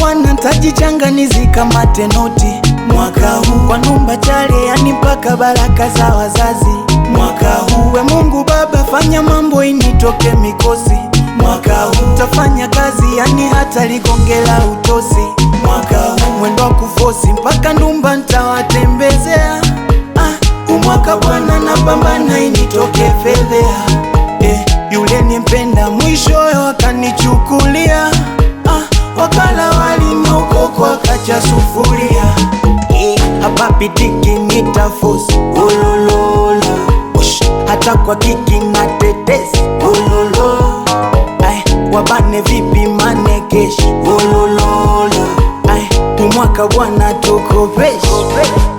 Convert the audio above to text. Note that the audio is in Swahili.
bwana tajichanga nizikamate noti mwaka huu kwa numba chale, yani mpaka baraka za wazazi mwaka huu. We Mungu Baba, fanya mambo initoke mikosi mwaka huu. Tafanya kazi yani hata likongela utosi mwaka huu. Mwendo wa kufosi mpaka numba ntawatembezea. Ah, umwaka bwana na bambana initoke fedhea. Eh, yule nimpenda mwishoyo akanichukulia. Ah, wakala cha sufuria hapa pitiki nitafosi ululula hata kwa kiki na tetes ololo wabane vipi manekeshi ololola ay, tumwaka bwana tukopeshi